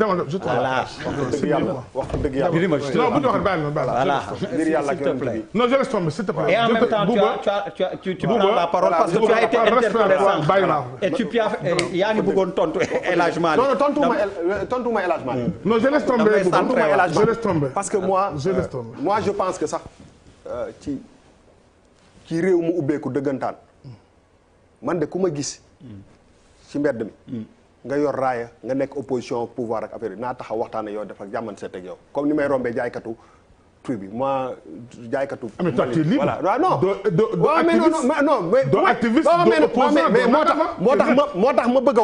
dama la je dëgg yàlla dëgg yàlla non la bàyyi la. ngir yàlla ak je laisse tomber et en même temps tu as la parole parce que tu as été interpellé sànq et tu yaa ngi bëggoon tontu élagement. non non tontu ma tontu ma élagement. non je laisse tomber tontu ma élagement je laisse tomber. parce que moi je laisse euh, je pense que sax euh, ci ci réew mu ubbeeku dëggantaan man de kuma ma gis ci mbedd mi. Hmm. nga yor raaya nga nekk opposition pouvoir ak affaire naa taxaw waxtaan ak yow def ak jàmman seet ak yow comme ni may rombee jaaykatu truc bi moi jaaykatu. Ah, mais toi tu es libre voilà ah, non. doo moo tax ma moo a wax. bu dee moo tax ma bëgg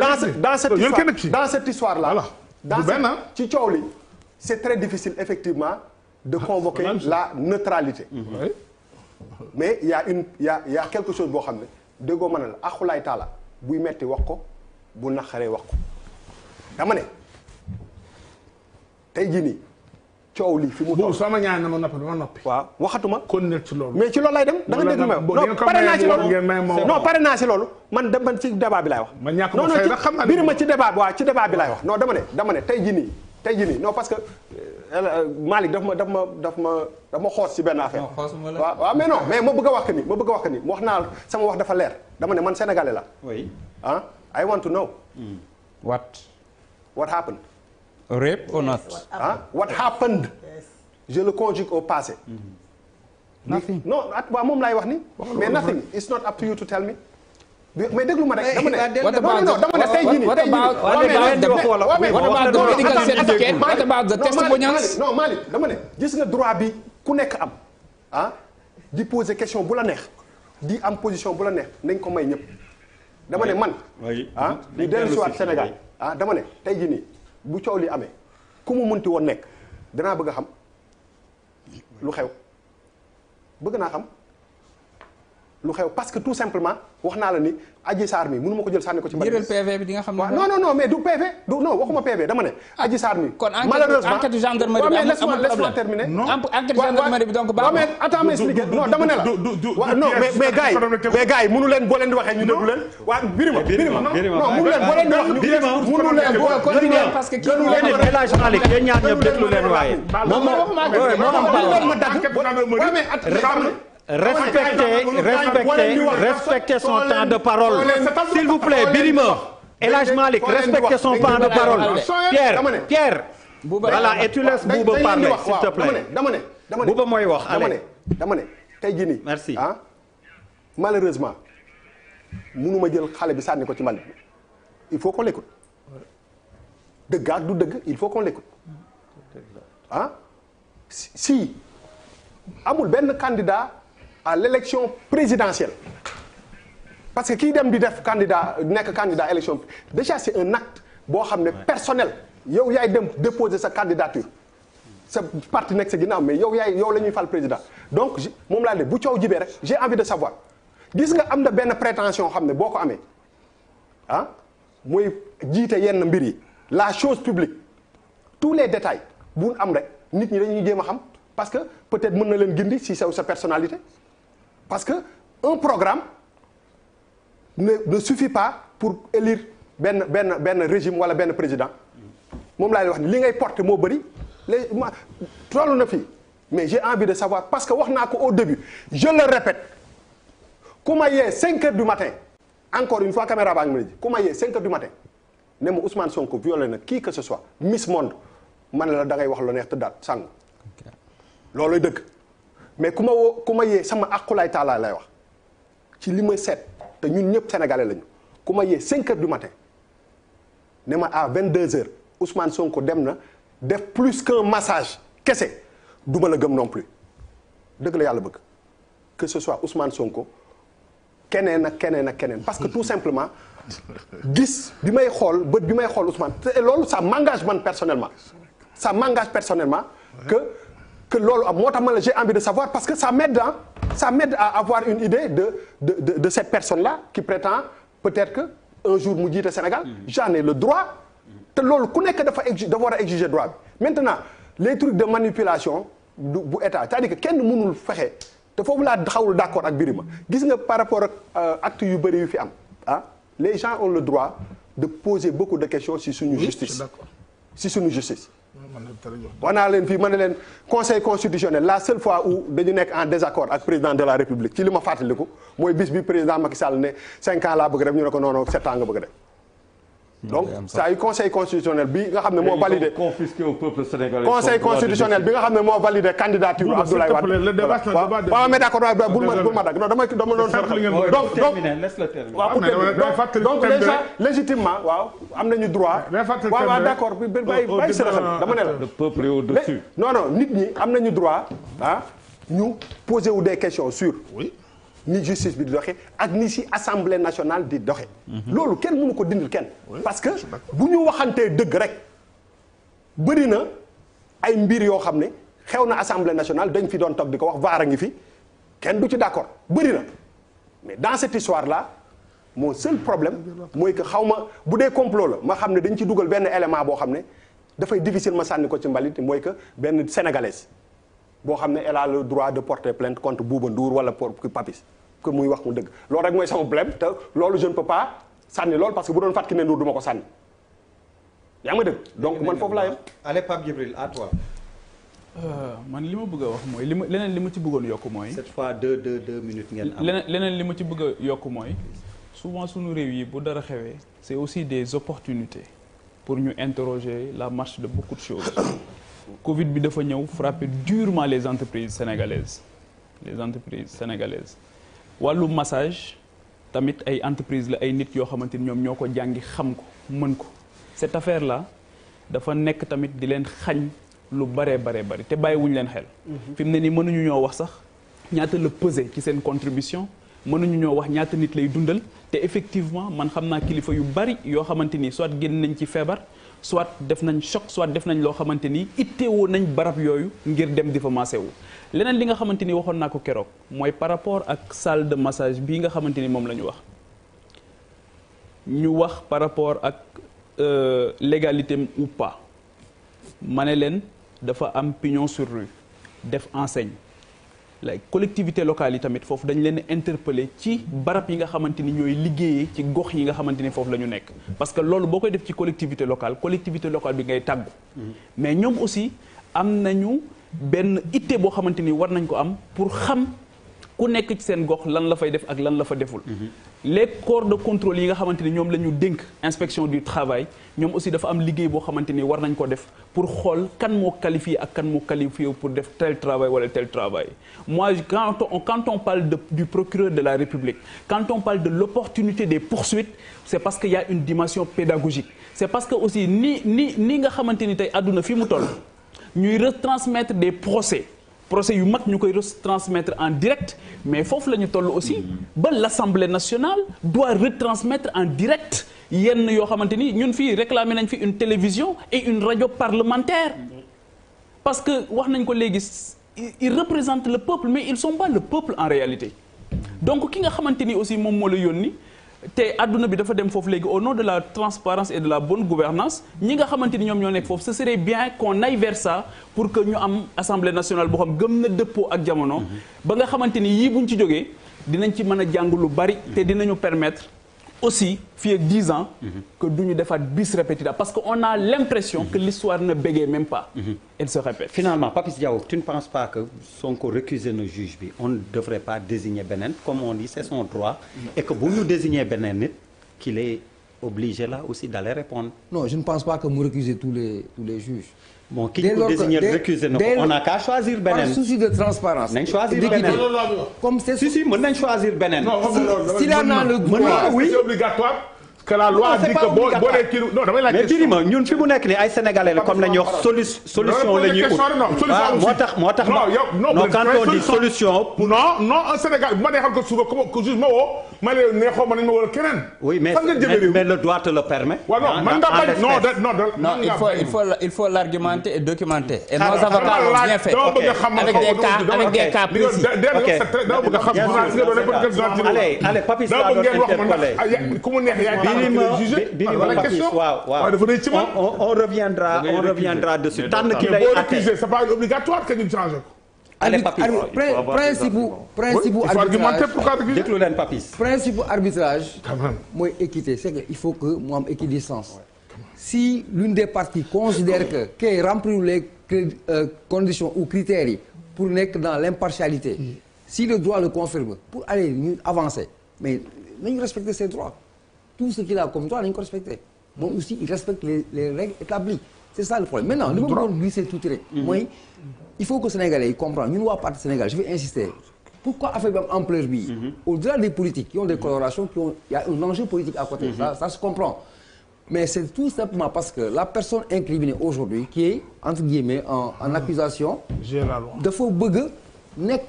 a wax dans cette histoire dans cette histoire là. ci coow li c'est très difficile effectivement de ah, convoquer la neutralité. mais il y a une il y quelque chose boo xam ne déggoo ma ne la axulaay taala. buy metti wax ko bu naqaree wax ko dama ne tey jii nii coow li fi mu. toll soo ma ñaan na ma noppi ma noppi. waaw waxatuma. kon nekk ci loolu. mais ci loolu lay dem. da nga dégg ma pare naa ci loolu. man dama ci débat bi laay wax. ma ñàkk ma fay xam biir ma ci débat bi waaw ci débat bi laay wax non dama ne dama ne tey jii nii. tey jii nii non parce que euh, euh, Malick daf ma daf ma daf ma daf ma xoos ci benn affaire. waaw mais non mais ma bëgg a wax que ni ma bëgg a wax que ni wax naa sama wax dafa leer dama ne man sénégalais la. oui ah I want to know. Hmm. what. what happened. rape or not. what ah, happened. je le conjugue au passé. Hmm. nothing non waaw moom lay wax ni. mais nothing it's not up to you to tell me. mais déglu ma rek dama ne non dama ne tey jii nii tey jii nii non Malick dama ne gis nga droit bi ku nekk am ah di poser question bu la neex di am position bu la neex nañ ko may ñëpp dama ne man ah ñu dellu si Sénégal dama ne tey jii nii bu coow li amee ku mu munti woon nekk danaa bëgg a xam lu xew bëgg naa xam lu xew parce que tout simplement wax naa la ni Adji Sarr mi mënu ma ko jël sànni ko ci mbali. bi di xam ne non non non mais du PV du non waxuma PV dama ne Adji Sarr mi. malheureusement enquête gendarmerie bi donc baaxul. mais attends ma expliquer non dama ne la. du non mais mais gars yi leen boo di waxee ñu déglu leen. waa leen boo di wax ñu Birima mënu leen boo continuer parce que kii mënu leen El Hadj Malick yéen ñaar ñëpp leen waaye. moom moom moom ma respectez respectez respectez son temps de parole s'il vous plaît Birima e Hadj Malick respectez son temps de parole Pierre Pierre voilà et tu laisses Bouba parler s'il te plaît mooy wax allez dama ne tey jii nii merci ah ma mënuma jël xale bi sànni ko ci mbal il faut qu'on l'écoute dëgg ak du dëgg il faut qu'on l'écoute si amul benn candidat à l'élection présidentielle parce que kii dem di def candidat nekk candidat élection déjà c'est un acte boo xam ne personnel yow yaay dem déposer sa candidature sa parti nekk sa ginnaaw mais yow yaay yow la ñuy fal président donc moom laa ne bu coow jibee rek j'ai envie savoir gis nga am na benn prétention xam ne boo ko amee ah muy jiite yenn mbir yi la chose publique tous les détails bu am rek nit ñi lañuy jëm a xam parce que peut-être mën na leen gindi si sa sa personnalité parce que un programme ne ne suffit pas pour élire benn benn benn régime wala benn président moom laay lay wax ni li ngay porter moo bëri les ma toll na fii mais j'ai envie de savoir parce que wax naa ko au début je le répète ku ma yee 5 heures du matin encore une fois caméra baa ngi mën a ji ku ma yee 5 heures du matin ne ma Ousmane Sonko violé na qui que ce soit Miss Monde man la da ngay wax lu neex te daal sàng looloy mais ku ma woo ku ma yee sama aqulaay taala lay wax ci li ma seet te ñun ñëpp sénégale lañu ku ma yee 5 heures du matin ne ma à 22 heures Ousmane Sonko dem na def plus qu'un massage kese du ma la gëm non plus dëgg la yàlla bëgg que ce soit Ousmane Sonko keneen ak keneen ak keneen parce que tout simplement gis bi may xool bët bi may xool Ousmane te loolu ça m'engage man personnellement ça mangage personnellement que que loolu am moo tax man la j'ai envie de savoir parce que ça m'aide hein ça m'aide à avoir une idée de de de, de cette personne là qui prétend peut-être que un jour mu jiite Sénégal mm-hmm. j'en ai le droit mm-hmm. te loolu ku nekk dafa exi war a exiger droit bi maintenant les trucs de manipulation du bu état cest à que kenn mënul fexe te foofu laa xawul d'accord ak ma gis nga par rapport ak euh, acte yu bëri yu fi am ah les gens ont le droit de poser beaucoup de questions sur suñu justice si suñu justice wax naa leen fii ma ne leen conseil constitutionnel la seule fois dañu nekk en désaccord ak président de la république ci li ma fàttaliku mooy bis bi président Macky Sall ne cinq ans laa bëgg def ñu ne ko noonu sept ans nga bëgg def donc saa yu conseil constitutionnel bi nga xam ne moo validé confisqué au peuple conseil constitutionnel bi nga xam ne moo validé candidature Abdoulaye Wade waaw mais d'accord waaw bul ma bul ma dagg non donc ah, légitimement waaw am nañu droit waaw waaw d'accord bàyyi bàyyi sa xel dama la le peuple non nit ñi am nañu droit ah ñu poser wu des questions sur ni justice bi di doxee ak ni si assemblée nationale di doxee. Mhm. loolu kenn mënu ko dindil kenn. parce que bu ñu waxantee dëgg rek bëri na ay mbir yoo xam ne xew na assemblée nationale dañ fi doon toog di ko wax vaara ngi fi kenn du ci d'accord bëri na mais dans cette histoire là. moo seul problème mooy que xaw ma bu dee complot la ma xam ne dañ ci dugal benn élément boo xam ne dafay difficile ma sànni ko ci mbalit mooy que benn sénégalaise boo xam ne elle a le droit de porter plainte contre Bouba Ndour wala pour Papis que muy wax mu dëgg loolu rek mooy sama problème te loolu je ne peux pas sànni loolu parce que bu doon fàttali ne Ndour du ma ko sànni yaa ngi ma dëgg donc man foofu laa yem. allez Pape Djibril euh, man li ma bëgg a wax mooy li ma leneen li ma ci bëggoon yokk mooy. cette fois deux deux deux minutes ngeen am. leneen leneen li ma ci bëgg a yokk mooy souvent suñu réew yi bu dara xewee. c'est aussi des opportunités pour ñu interroger la marche de beaucoup de choses. Covid bi dafa ñëw frapper durement les entreprises sénégalaises les entreprises sénégalaises wàllu massage tamit ay entreprises la ay nit yoo xamante ni ñoom ñoo ko jàngi xam ko mën ko cette affaire la dafa nekk tamit di leen xañ lu baree baree bari te bàyyiwuñ leen xel. Mhm. fi mu ne nii mënuñu ñoo wax sax ñaata la peser ci seen contribution mënuñu ñoo wax ñaata nit lay dundal te effectivement man xam naa kilifa yu bari yoo xamante ni soit génn nañ ci feebar. soit def nañ choc soit def nañ loo xamante ni itteewoo nañ barab yooyu ngir dem di fa massé wu leneen li nga xamante ni waxoon naa ko keroog mooy par rapport ak salle massage bii nga xamante ni moom la ñu wax ñu wax par rapport ak euh, légalité ou pas ma ne leen dafa am pignon sur rue def enseigne la collectivité locale yi tamit foofu dañu leen interpeller ci barab yi nga xamante ni ñooy liggéeyee ci gox yi nga xamante ni foofu la ñu nekk parce que loolu boo koy def ci collectivité locale collectivité locale bi ngay tàggu mm-hmm. mais ñoom aussi am nañu benn itte boo xamante ni war nañ ko am pour xam ku nekk ci seen gox lan la fay def ak lan la fa deful les corps de contrôle yi nga xamante ni ñoom la ñu dénk inspection du travail ñoom aussi dafa am liggéey boo xamante ni war nañ ko def pour xool kan moo qualifié ak kan moo qualifié pour def tel travail wala tel travail moi quand on quand on parle de, du procureur de la République quand on parle de l'opportunité des poursuites c'est parce que y a une dimension pédagogique c'est parce que aussi nii ni ni nga xamante ni tey àdduna fi mu toll ñuy retransmettre des procès procès yu mag ñu koy retransmettre en direct mais foofu la ñu toll aussi ba l'Assemblée nationale doit retransmettre en direct yenn yoo xamante ni ñun fii réclamer nañ fi une télévision et une radio parlementaire parce que wax nañ ko léegi ils représentent le peuple mais ils sont pas le peuple en réalité donc ki nga xamante ni aussi moom moo la yoon yónni te adduna bi dafa dem foofu léegi au non de la transparence et de la bonne gouvernance ñi nga xamante ni ñoom ñoo nekk foofu ce serait bien qu'on aille vers pour que ñu am assemblée nationale boo xam gëm na dëppoo ak jamono mhm. ba nga xamante ni yii buñ ci jógee dinañ ci mën a jàng lu bari te dinañu permettre aussi fii ak dix ans que du ñu defaat bis répétita parce que on a l'impression que l'histoire ne bégaye même pas elle se répète finalement Papis Diaw tu ne penses pas que Sonko récuser na juge bi on ne devrait pas désigner beneen comme on dit c'est son droit et que bu ñu désigner beneen nit qu'il est obligé là aussi d'aller répondre non je ne pense pas que mu récuser tous les tous les juges bon ki ñu ko désigné récusé na ko on a qu'à choisir beneen par souci de transparence nañ choisir beneen comme c'est si si mën nañ choisir beneen. non si la naa le droit oui c'est obligatoire. que la loi dit que boo boo nee kilo non damay laaj mais Birima ñun fi mu nekk nii ay sénégalais la comme la ñu wax solu solution la ñuy ut waaw moo tax moo tax solution ma neexal ko suba ko juste ma ne neexoo ma permet non il faut l'argumenter et documenter et nos avocats l'ont bien fait avec des cas avec des cas précis on reviendra on reviendra dessus tànn ki lay accusé c'est pas obligatoire que ñu changé ko allez Papis principe principe bu arbitrage déglu leen Papis arbitrage mooy équité c'est que il faut que mu am équidistance si l'une des parties considère que kay les conditions ou critères yi pour nekk dans l'impartialité si le droit le confirme pour aller ñu avancer mais nañu respecter ses droits tout ce qu'il a comme droit nañu ko les règles établies c'est ça le problème maintenant li ma bëggoon glisser tuuti rek mhm. mooy il faut que sénégalais yi comprendre ñun waa parti Sénégal je vais insister pourquoi affaire bi am ampleur mhm. au-delà des politiques qui ont des colorations qui ont il enjeu politique à côté mhm. ça comprend mais c'est tout simplement parce que la personne incriminée aujourd'hui qui est en accusation dafa bëgg nekk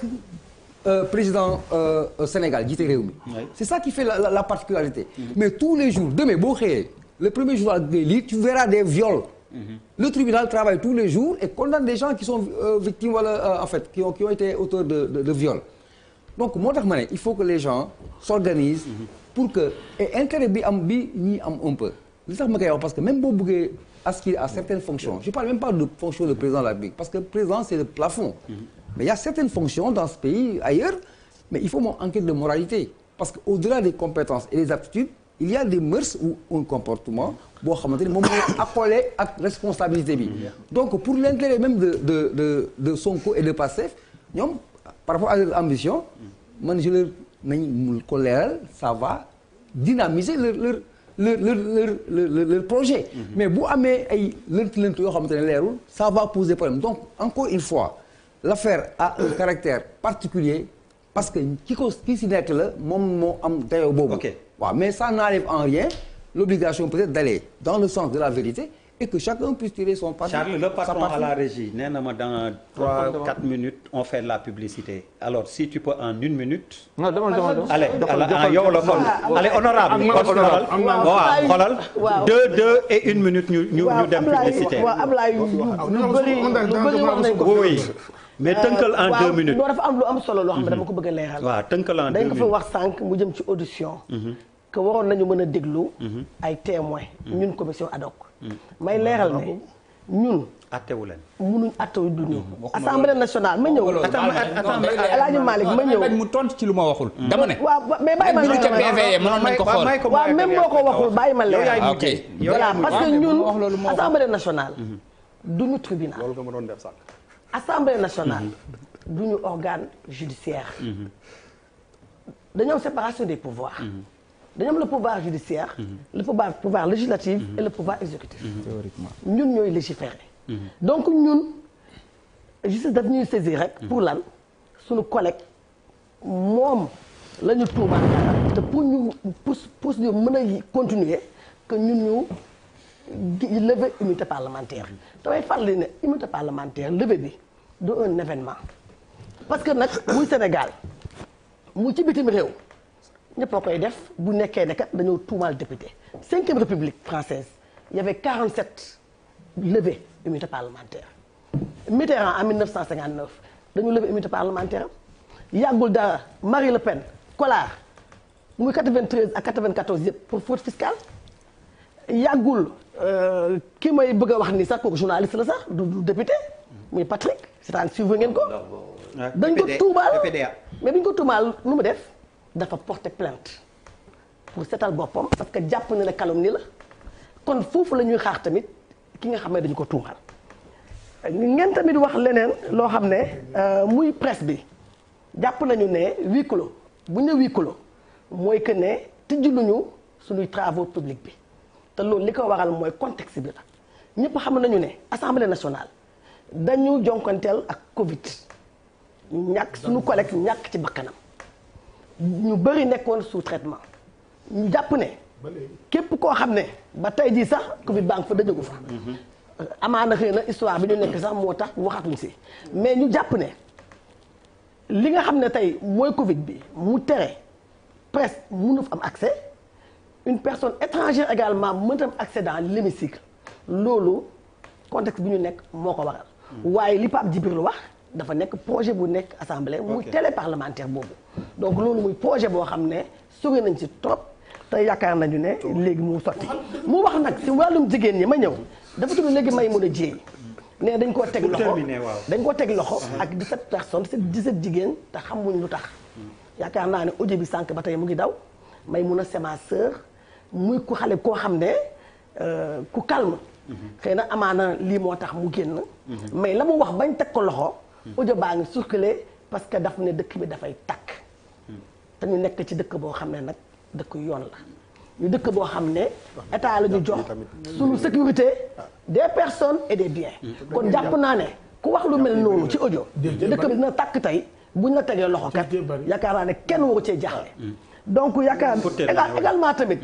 Euh, président euh, Sénégal jiite réew mi. c'est ça qui fait la la particularité. Mhm. mais tous les jours demain boo xëyee le premier jour ak ngay lire tu verras des viols. Mhm. le tribunal travaille tous les jours et condamne des gens qui sont euh, victimes wala en fait qui ont été auteurs de de donc moo tax ma ne il faut que les gens s'organisent mhm. pour que et intérêt bi am bi ñuy am un peu li tax ma koy wax parce que même boo buggee askir à président de la République parce que président c'est le plafond Mais il y a certaines fonctions dans ce pays, ailleurs, mais il faut enquête de moralité. Parce qu'au-delà des compétences et des aptitudes, il y a des mœurs ou un comportement boo xamante ni moom mooy accolé ak responsabilité bi. donc pour l'intérêt même de de de de Sonko et de Pastef ñoom par rapport à leur ambition. man je leur nañ ko leeral ça va dynamiser leur leur leur leur leur leur leur projet. Mmh. mais bu amee ay lënt-lënt yoo xamante ne leerul ça va poser problème donc encore une fois. l'affaire a un caractère particulier parce que ki ko ki si nekk la moom moo am dayoo boobu waaw mais ça n'enlève en rien l'obligation peut-être d'aller dans le sens de la vérité et que chacun puisse tirer son parti. à la régie nee na ma dans trois quatre minutes on fait la publicité alors si tu peux en une minute. non demal demal allez honorable deux et une minute ñu ñu dem publicité. waaw mais euh, tënkal en deux minutes waaw dafa am lu am solo loo xam ne dama mhm. ko bëgg a leeral. waaw tënkal en deux minutes dañ ko fa wax jëm ci audition. Mhm. que waroon nañu mën a déglu. Mhm. ay témoins. ñun commission ad hoc. may leeral ne ñun. attewu leen munuñ attewu du ñu. assemblée nationale ma ñëw. alaaji Malick ma ñëw mu tontu ci lu ma waxul. Mm. dama ne waaw mais bàyyi ma leeral mënoon nañ ko xool waaw même boo ko waxul bàyyi ma leeral. ok voilà parce que ñun assemblée nationale. duñu tribunal loolu nga ma doon def sànq. assemblée nationale du ñu organe judiciaire dañoo am séparation des pouvoirs dañoo am le pouvoir judiciaire le pouvoir pouvoir législatif et le pouvoir exécutif théoriquement ñun ñooy légiférer donc ñun justice daf ñuy saisir rek pour lan suñu collègue moom la ñu tuumaal te pour ñu pour pour ñu mën a continuer que ñun ñu lever immunité parlementaire damay farli ne immunité parlementaire lever bi du un événement parce que nag muy Sénégal mu ci bitim réew ñëpp a koy def bu nekkee ne kat dañoo tuumaal député cinquième république française y avait 47 levées immunité parlementaire Mitterrand en 1959 dañu lever immunité parlementaire yàggul dara Marie Le Pen Collard muy 93 ak 94 yëpp pour fraude fiscale yàggul Euh, ki may bëgg a wax ni sax kooku journaliste la sax du député muy Patrick cest à ngeen ko. dañ ko tuumaal mais bi ñu ko tuumaal lu mu def dafa porter plante pour setal boppam parce que jàpp na la calomnie la kon foofu la ñuy xaar tamit ki nga xam ne dañu ko tuumaal. ngeen tamit wax leneen loo xam ne euh, muy presse bi jàpp nañu ne huis clos bu ñu ne huis mooy que ne tijji luñu suñuy travaux publics bi. te loolu li ko waral mooy contexte bi la ñëpp xam nañu ne assemblée nationale dañu jonkanteel ak Covid ñàkk suñu collègue ñàkk ci bakkanam ñu bëri nekkoon sous traitement ñu jàpp ne képp koo xam ne ba tey jii sax Covid baa ngi fa dajagu fa. Mhm. amaana xëy na histoire bi ñu nekk sax moo tax waxatuñ si mais ñu jàpp ne li nga xam ne tey mooy Covid bi mu tere presse mënu fa am accès. une personne étrangère également mënta am accès dans l'hémicycle loolu contexte bi ñu nekk moo ko waral. waaye li Pape Djibril wax dafa nekk projet bu nekk assemblée. muy télé parlementaire boobu. donc loolu muy projet boo xam ne sori nañ ci trop te yaakaar nañu ne léegi mu sotti mu wax nag si wàllum jigéen ñi ma ñëw dafa tudd léegi may mun a jéey. ne dañ koo teg loxo dañ koo teg loxo uh-huh. ak 17 personnes 17 jigéen te xam xamuñ lu tax. Hmm. yaakaar naa ne audio bi sànq ba tey mu ngi daw may mën a c'est ma muy ku xale koo xam ne euh, ku calme. Mhm. xëy na amaana lii moo tax mu génn. Mhm. mais la mu wax bañ teg ko loxo. Mhm. audio baa ngi circulé parce que daf ne dëkk bi dafay takk. te ñu nekk ci dëkk boo xam ne nag dëkk yoon la. ñu dëkk boo xam ne état la ñu jox suñu sécurité ah. de personnes et des bien kon jàpp naa ne ku wax lu mel noonu ci audio dëkk bi dina tàkk tey bu buñ la tegee loxo kat yaakaar naa ne kenn waru cee jaaxle ah, mm. donc yaakaar également tamit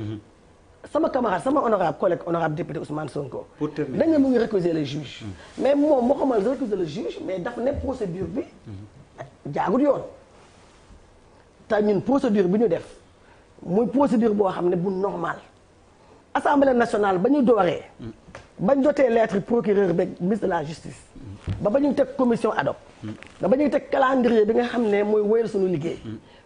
sama camarade sama honorable collègue honorable député Ousmane Sonko. pour terminer dañ ne mu ngi récuser le juge. mais moom moo xamal récuser le juge mais dafa ne procédure bi. jaagul yoon. te ñun procédure bi ñu def muy procédure boo xam ne bu normal assemblée nationale ba ñu dooree. bañ jotee lettre procureur beeg ministre de la justice. ba ba ñuy teg commission ad hoc. ba ba ñuy teg calendrier bi nga xam ne mooy wéyal suñu liggéey.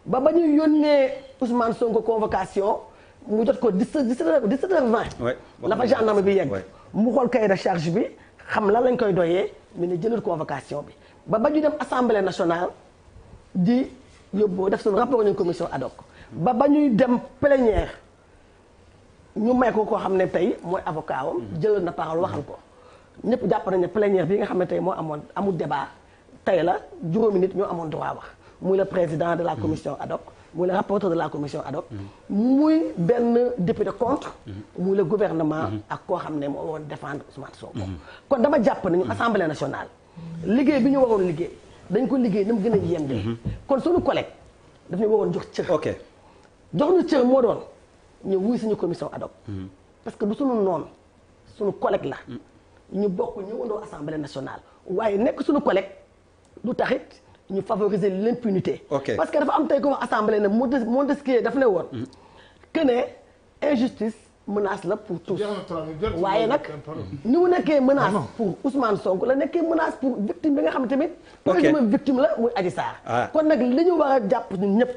ba ba ñuy yónnee Ousmane Sonko convocation. mu jot ko dix-sept dix-sept heures vingt la fa gendarme bi yegg mu xool kay de charge bi xam lan lañ koy doyee mu ne jëlal convocation bi ba ba ñu dem assemblée nationale di yóbbu def suñu rapport ñu commission ad hoc ba ba ñuy dem plénière ñu may ko koo xam ne tey mooy avocat wam jëlal na parole waxal ko ñëpp jàpp nañ ne plénière bi nga xam ne tey moo amoon amul débat tey la juróomi nit ñoo amoon droit wax muy le président de la commission ad hoc muy le rapporteur de la commission ad hoc muy benn député contre muy le gouvernement ak koo xam ne moo waroon défendre Ousmane Sonko kon dama jàpp nañu assemblée nationale liggéey bi ñu waroon liggéey dañ ko liggéey na mu gën a yendee kon suñu collègue daf ñu waroon jox cër ok jox ñu cër moo ñu wuy suñu commission ad parce que du suñu noonu sunu collègue la ñu bokk ñëwandoo assemblée nationale waaye nekk suñu collègue du taxit ñu favoriser l'impunité parce que dafa am tey ko wax assemblée ne Montesquieu daf ne woon mm-hmm. que ne injustice menace la pour tous waaye nag ni mu nekkee menace ah pour Ousmane Sonko la nekkee menace pour victime bi nga xam ne tamit présumé victime la muy Adji Sarr ah. kon nag li ñu war a jàpp ñëpp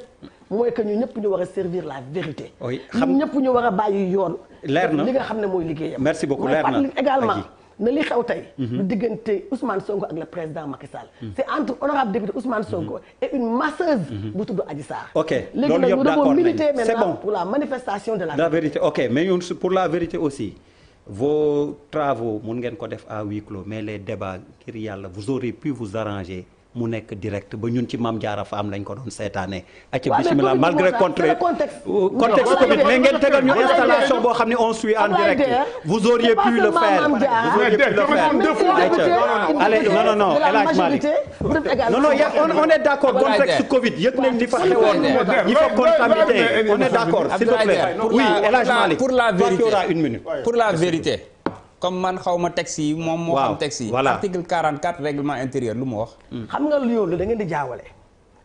mooy que ñu ñëpp ñu war a servir la vérité ñun ñëpp ñu war a bàyyi yoon leer na li nga xam ne mooy liggéeyam merci beaucoup leer na également na li xew tey. lu diggante Ousmane songo ak la président Macky Sall. c' est entre honorable député Ousmane Sonko. et une masseuse. bu tudd Adji Sarr. ok loolu yëpp d' accord léegi militer maintenant pour la manifestation de la. la vérité ok mais ñun pour la vérité aussi. vos travaux mun ngeen ko def à huis mais les débats ngir yàlla vous aurez pu vous arranger. mu nekk direct ba ñun ci Mame Diarra Fam lañ ko doon seetaanee. acca la malgré contre contexte euh, Covid mais ngeen tegal ñu installation boo xam ne on suit en direct. vous auriez pu le faire vous auriez pu le faire allez non non non El Hadj Malick non non on est contexte Covid yëg fa xewoon ñi on est d' pour la pour la vérité. comme man xaw ma texte yi moom moo xam texte yi article 44 règlement intérieur lu mu wax xam nga loolu da ngeen di jaawale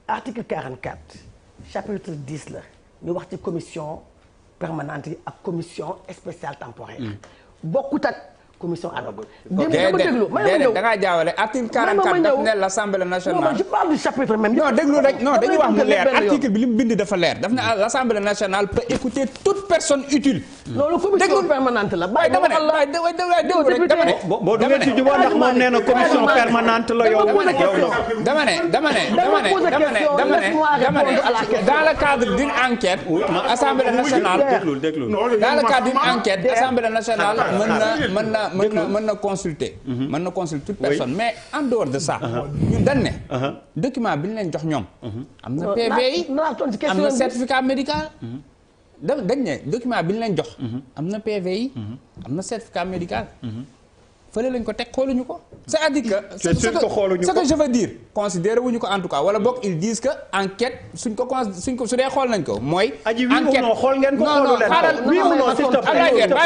article 44 chapitre 10 la ñu wax ci commission permanente yi ak commission spéciale temporaire hmm. bokkut ak commission ad hoc démb dama déglu ma ñëw da ngaa jaawale article wax mu leer article bi li mu bind dafa leer daf ne l'assemblée nationale peut écouter toute personne utile loolu commission permanente la. waaye dama ne waaye déglu rek dama ne. boo boo duggee ci jubóo ndax moom nee na dama ne dama ne dama ne dama ne dama ne dama ne dans na mën na mën na mën na consulter. Mhm. mën na consulter toute mais en dehors de ça. Uh-huh. ñun dañ uh-huh. document bi ñu leen jox ñoom. Uh-huh. am na PV am na certificat médical. Mhm. da dañ ne document bi ñu leen jox. Mhm. am na PV yi. Mhm. am na certificat médical. Mhm. fële lañ ko teg xooluñu ko. c'est-à-dire que. c'est sûr que ko ce que je veux dire. considéré wuñu ko en tout cas wala boog ils disent enquête suñ ko con suñ ko su dee xool nañ ko mooy. enquête xool ngeen ko xoolu leen ko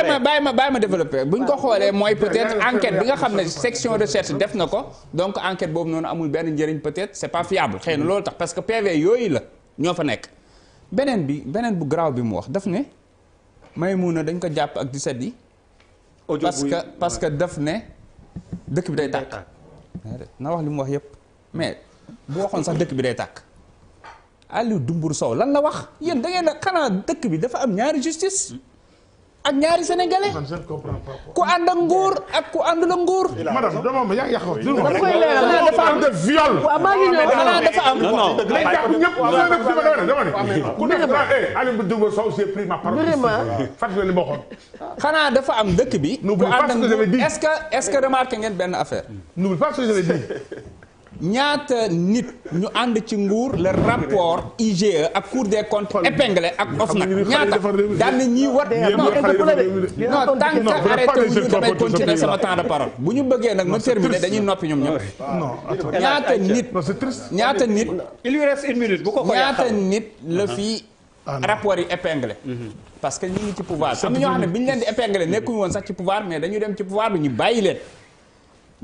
ma bàyyi ma bàyyi ko xoolee mooy ah, peut-être enquête bi nga ne section recherche def na ko donc enquête boobu noonu amul benn njëriñ peut-être c'est pas fiable xëy na loolu tax parce que PV yooyu la ñoo fa nekk. beneen bi beneen bu garaaw bi mu wax daf ne Maymuna dañ ko jàpp ak 17 yi. parce que parce que daf ne dëkk bi day tàkk. na wax li mu wax yëpp mais bu waxoon sax dëkk bi day tàkk Aliou Dembourou Sow lan la wax yéen da ngeen a xanaa dëkk bi dafa am ñaari justice. ak ñaari sénégalais ku ànd ak nguur ak ku àndul ak nguur. madame dama ma yaa ngi yàq dañ koy leeral xanaa dafa am de viol. waaw maa ngi ñëw xanaa dafa am. non non dañ jàpp ñëpp waaw man dama ne dama ne. ku nekk naa eh Aliou Dodo Sow j'ai pris ma parole. vraiment fàttali li ma waxoon. xanaa dafa am dëkk bi. n'oublie pas ce que j'avais dit ku ànd ak nguur est-ce que est-ce que remarqué ngeen benn affaire. n'oublie pas ce que j'avais dit. ñaata nit ñu ànd ci nguur le rapport IGE ak Cour des comptes épinglé ak OFNAC ñaata daan na ñiy war non tant que arrêté wu ñu damay continuer sama temps de parole bu ñu bëggee nag ma terminer dañuy noppi ñoom ñëpp ñaata nit ñaata nit bu ko ñaata nit la uh-huh. fii ah, rapport yi épinglé mm-hmm. parce que ñu ngi ci pouvoir am na ñoo xam ne bi ñu leen di épinglé nekkuñu woon sax ci pouvoir mais dañu dem ci pouvoir bi ñu bàyyi leen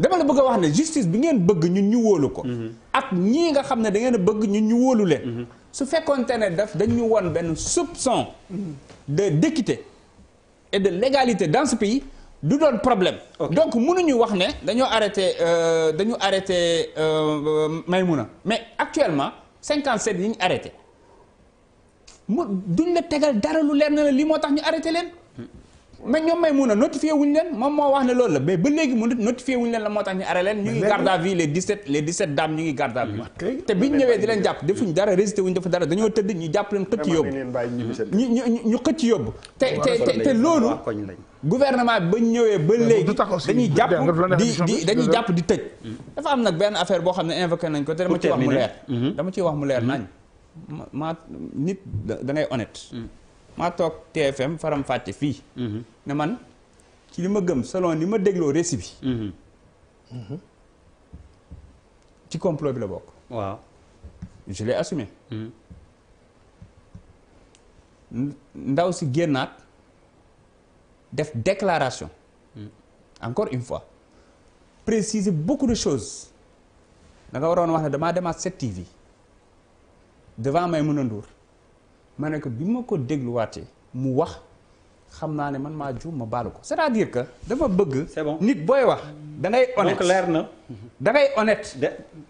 demal la bëgg wax ne justice bi ngeen bëgg ñu ñu wóolu ko. Mhm. ak ñii nga xam ne da ngeen bëgg ñu ñu wóolu leen. Mhm. su fekkoon ne daf dañu ñu won benn soupçon mhm. de d'équité et de légalité dans ce pays du doon problème. donc mënuñu wax ne dañoo arrêté euh, dañu arrêté euh, Maymuna mais actuellement cinquante 57 yi ñu arrêté mu duñ la tegal dara lu leer na la lii moo tax ñu arrêté leen. mais ñoom may mun a notifié wuñu leen moom moo wax ne loolu la ba léegi mu notifié wuñu leen la moo tax ñu arrêté leen ñu ngi garde à vue les 17 les 17 dames ñu ngi garde à vue te biñ ñëwee di leen jàpp defuñ dara résisté wuñu dafa dara dañoo tëdd ñu jàpp leen xëcc yóbbu ñu ñu xëcc yóbbu te te te loolu gouvernement ba ñëwee ba léegi dañuy jàpp di di jàpp di tëj hmm. dafa am nag benn affaire boo xam ne invoqué nañ ko te dama ciy hmm. wax mu leer hmm. ma nit da ngay honnête maa toog TFM faram fàcce fii. Mhm. ne man ci li ma gëm selon ni ma dégloo récit bi. Mhm. Mhm. ci complot bi la bokk. waaw je l'ai assumé. ndaw si génnaat def déclaration. encore une fois préciser beaucoup de choses da nga waroon wax ne damaa demaat 7TV devant a Ndour. ma ne ko bi ma ko dégluwaate mu wax xam naa ne man maa juum ma baalu ko c'est-à-dire que dafa bëgg. c'est nit booy wax. da ngay honnête donc leer na. da ngay honnête. de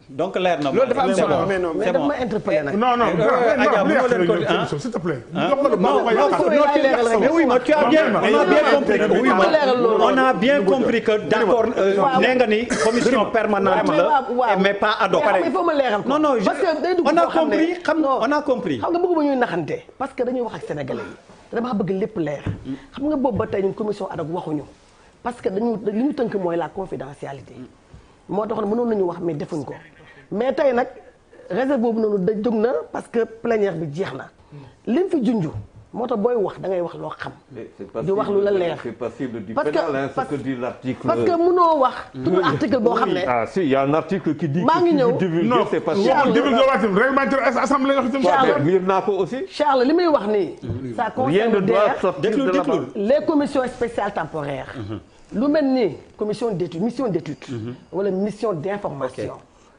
donc leer na. loolu dafa ma solo mais non mais dama interpellé nag. non non non s'il a bien compris que d'accord nee nga ni commission permanente la. mais pas ad hoc. mais a compris xam on a compris. xam ñuy naxante parce que dañuy wax ak sénégalais yi te damaa bëgg lépp leer. xam nga boobu ba tey ñun commission ad hoc waxuñu parce que dañu li ñu tënk mooy la confidentialité. moo taxoon mënoon nañu wax mais defuñ ko mais tey nag réserve boobu noonu da jóg na parce que plénière bi jeex na. lim fi junju moo tax booy wax da ngay wax loo xam. di wax lu la leer c'est passible du pénal hein, que dit l'article. wax. tout article boo xam ne. ah si y a un article qui dit. maa ngi ñëw non c'est pas. Charles naa ko aussi. Charles li muy wax nii. ça concerne les commissions spéciales temporaires. Mm-hmm. lu mel ni commission d'étude mission d'étude. Mm-hmm. wala mission d'information.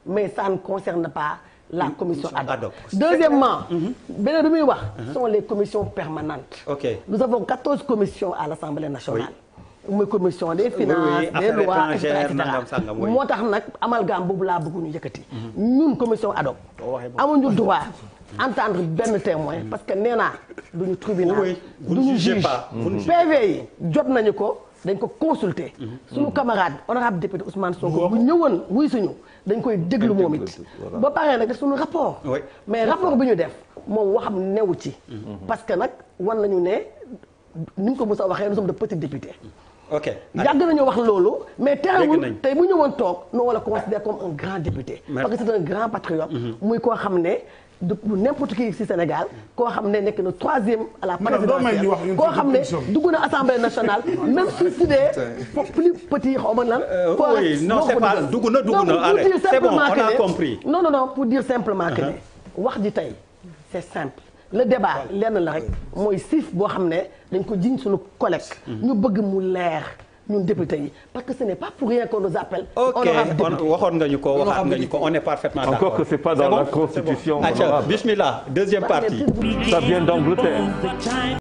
mais ça ne concerne pas. la commission ad hoc. deuxièmement. Mhm. beneen bi muy wax. sont les commissions permanentes. ok nous avons quatorze commission à l' assemblée nationale. muy commission des finances des lois et cetera moo tax nag amalgame boobu laa bëgg ñu yëkkati. Mhm. ñun commission ad hoc. Oh, amuñu droit. Mhm. entendre benn témoin parce que nee naa duñu tribunal duñu juge PV yi jot nañu ko dañ ko consulter. suñu camarade honorable député Ousmane Sonko bu ñëwoon wuy ñu dañ koy déglu moom it ba paree nag suñu rapport mais rapport bi ñu def moom waxam newu ci mhm. parce que nag wan ñu ne ni ñu ko mos a waxee nous sommes de petits députés ok yàgg nañu wax loolu mais terewul tey bu ñëwoon toog non wala considéré comme un grand député parce que c'est un grand patriote mhm. muy koo xam ne du n'importe qui si Sénégal koo xam ne nekk na troisième à la présidentielle koo xam ne dugg na assemblée nationale même si su dee plus petit xaw ma euh, non c'est pas dugg na dugg na allez c'est bon on non non pour dire simplement que ne uh-huh. wax di tey c'est simple. le débat lenn la rek mooy siif boo xam ne dañ ko jiñ suñu collègue. Mm-hmm. ñu bëgg mu leer. ñun député yi parce que ce n'est pas pour rien qu'on nous ok waxoon nga ko waxaat nga ñu ko on est parfaitement d'accord encore que c'est pas dans la constitution. bismillah deuxième partie. ça vient d'Angleterre.